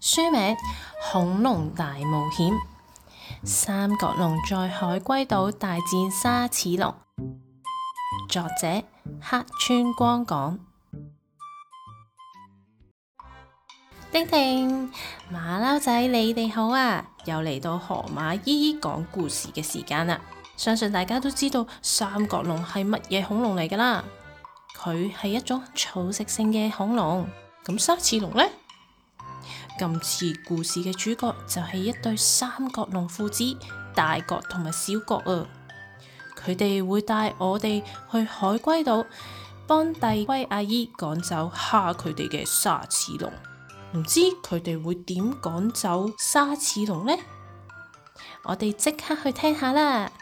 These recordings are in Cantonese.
書名《恐龍大冒險》，三角龍在海龜島大戰鯊齒龍。作者：黑川光廣。叮叮馬騮仔，你哋好啊！又嚟到河馬姨姨講故事嘅時間啦！相信大家都知道三角龍係乜嘢恐龍嚟噶啦？佢係一種草食性嘅恐龍。咁鯊齒龍呢？今次故事嘅主角就係一對三角龍父子，大角同埋小角啊！佢哋會帶我哋去海龜島，幫帝龜阿姨趕走蝦佢哋嘅鯊齒龍。唔知佢哋會點趕走鯊齒龍呢？我哋即刻去聽下啦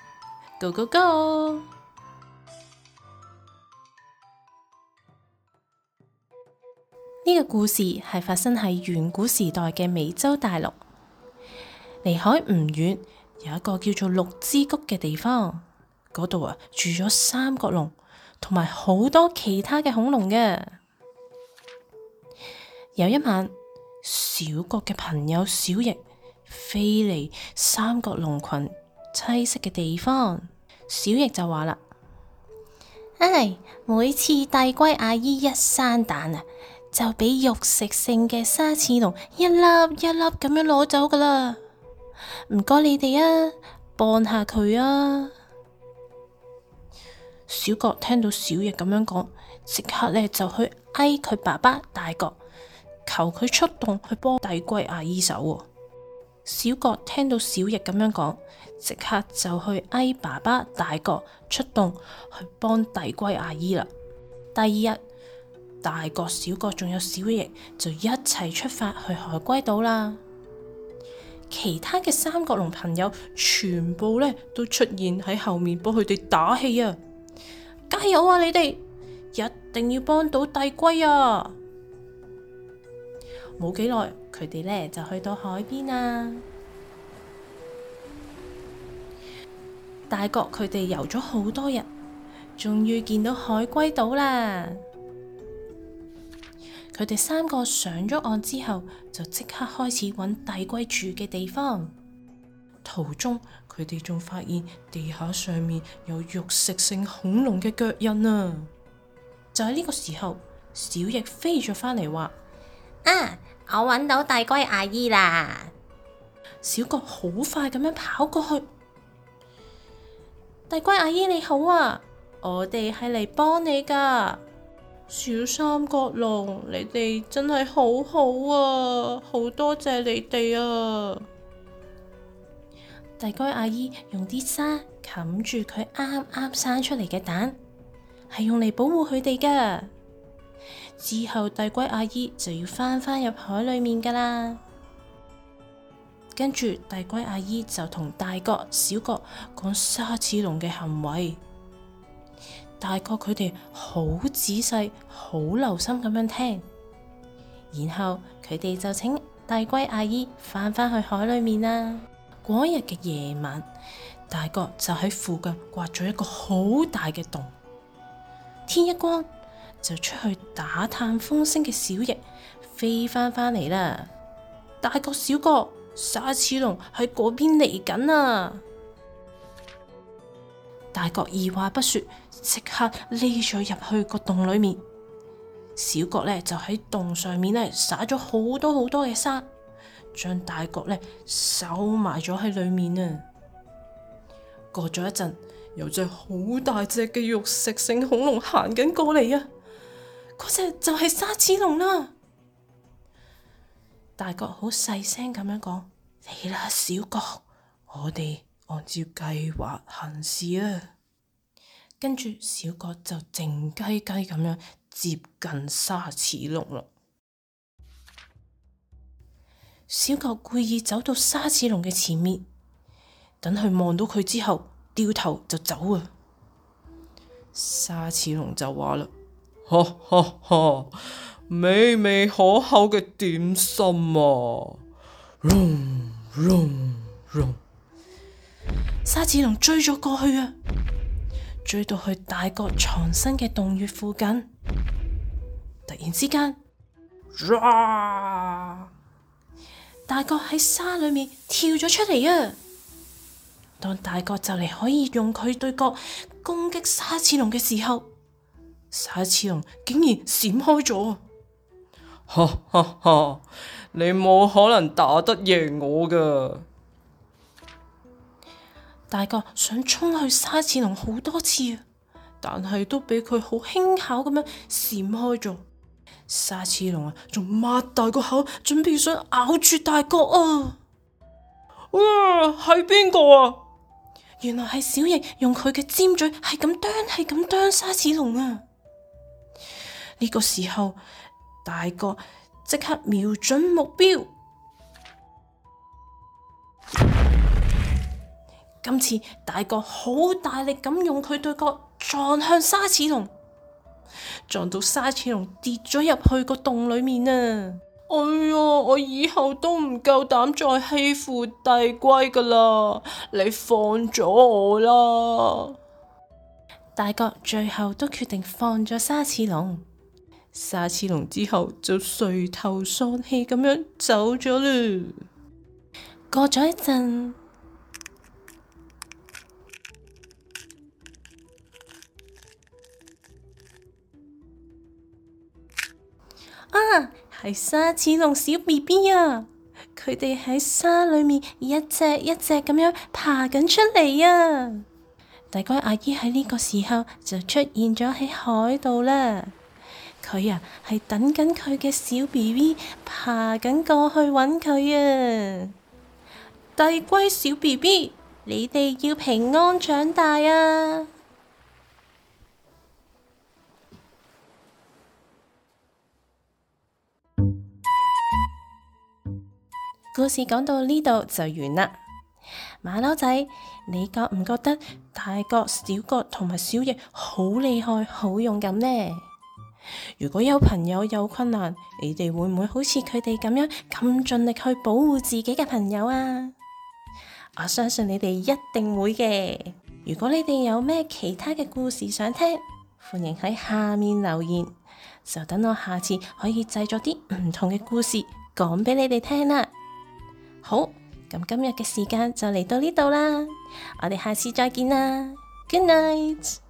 ！Go go go！呢個故事係發生喺遠古時代嘅美洲大陸，離海唔遠有一個叫做綠之谷嘅地方，嗰度啊住咗三角龍同埋好多其他嘅恐龍嘅。有一晚，小角嘅朋友小翼飛嚟三角龍群棲息嘅地方，小翼就話啦：唉、哎，每次帝龜阿姨一生蛋啊！就俾肉食性嘅鯊齒龍一粒一粒咁樣攞走噶啦，唔該你哋啊，幫下佢啊小小爸爸！小角聽到小翼咁樣講，即刻呢就去嗌佢爸爸大角，求佢出動去幫帝龜阿姨手。小角聽到小翼咁樣講，即刻就去嗌爸爸大角出動去幫帝龜阿姨啦。第二日。大角、小角仲有小翼就一齊出發去海龜島啦。其他嘅三角龍朋友全部呢都出現喺後面幫佢哋打氣啊！加油啊你，你哋一定要幫到帝龜啊！冇幾耐，佢哋呢就去到海邊啦。大角佢哋游咗好多日，終於見到海龜島啦。佢哋三個上咗岸之後，就即刻開始揾帝龜住嘅地方。途中，佢哋仲發現地下上面有肉食性恐龍嘅腳印啊！就喺呢個時候，小翼飛咗返嚟話：「啊，我揾到帝龜阿姨啦！小角好快咁樣跑過去，帝龜阿姨你好啊，我哋係嚟幫你㗎。小三角龍，你哋真係好好啊，好多謝你哋啊！帝龜阿姨用啲沙冚住佢啱啱生出嚟嘅蛋，係用嚟保護佢哋噶。之後帝龜阿姨就要返返入海裏面噶啦。跟住帝龜阿姨就同大角、小角講鯊齒龍嘅行為。大角佢哋好仔細、好留心咁樣聽，然後佢哋就請大龜阿姨翻返去海裏面啦。嗰日嘅夜晚，大角就喺附近挖咗一個好大嘅洞。天一光就出去打探風聲嘅小翼飛翻返嚟啦。大角、小角，鯊齒龍喺嗰邊嚟緊啊！大角二話不說，即刻匿咗入去個洞裡面。小角呢，就喺洞上面呢，撒咗好多好多嘅沙，將大角呢收埋咗喺裡面啊。過咗一陣，有隻好大隻嘅肉食性恐龍行緊過嚟啊！嗰隻就係鯊齒龍啦。大角好細聲咁樣講：嚟啦，小角，我哋。按照計劃行事啊，跟住小角就靜雞雞咁樣接近鯊齒龍啦。小角故意走到鯊齒龍嘅前面，等佢望到佢之後，掉頭就走啊。鯊齒龍就話啦：哈哈哈，美味可口嘅點心啊！轟轟轟沙齒龍追咗過去啊，追到去大角藏身嘅洞穴附近，突然之間，啊、大角喺沙裏面跳咗出嚟啊！當大角就嚟可以用佢對角攻擊沙齒龍嘅時候，沙齒龍竟然閃開咗！哈哈哈！你冇可能打得贏我噶！大角想衝去鯊齒龍好多次，但係都俾佢好輕巧咁樣閃開咗。鯊齒龍啊，仲擘大個口，準備想咬住大角啊！哇，係邊個啊？原來係小翼用佢嘅尖嘴係咁啄，係咁啄鯊齒龍啊！呢個時候，大角即刻瞄準目標。今次大角好大力咁用佢對角撞向鯊齒龍，撞到鯊齒龍跌咗入去個洞裏面啊！哎呀，我以後都唔夠膽再欺負帝龜㗎喇！你放咗我啦！大角最後都決定放咗鯊齒龍，鯊齒龍之後就垂頭喪氣咁樣走咗啦。過咗一陣。係鯊齒龍小 B B 啊，佢哋喺沙裏面一隻一隻咁樣爬緊出嚟啊！帝龜阿姨喺呢個時候就出現咗喺海度啦，佢啊係等緊佢嘅小 B B 爬緊過去揾佢啊！帝龜小 B B，你哋要平安長大啊！故事講到呢度就完啦，馬騮仔，你覺唔覺得大角、小角同埋小翼好厲害、好勇敢呢？如果有朋友有困難，你哋會唔會好似佢哋咁樣，咁盡力去保護自己嘅朋友啊？我相信你哋一定會嘅。如果你哋有咩其他嘅故事想聽，歡迎喺下面留言。就等我下次可以製作啲唔同嘅故事講俾你哋聽啦。好，咁今日嘅時間就嚟到呢度啦，我哋下次再見啦，Good night。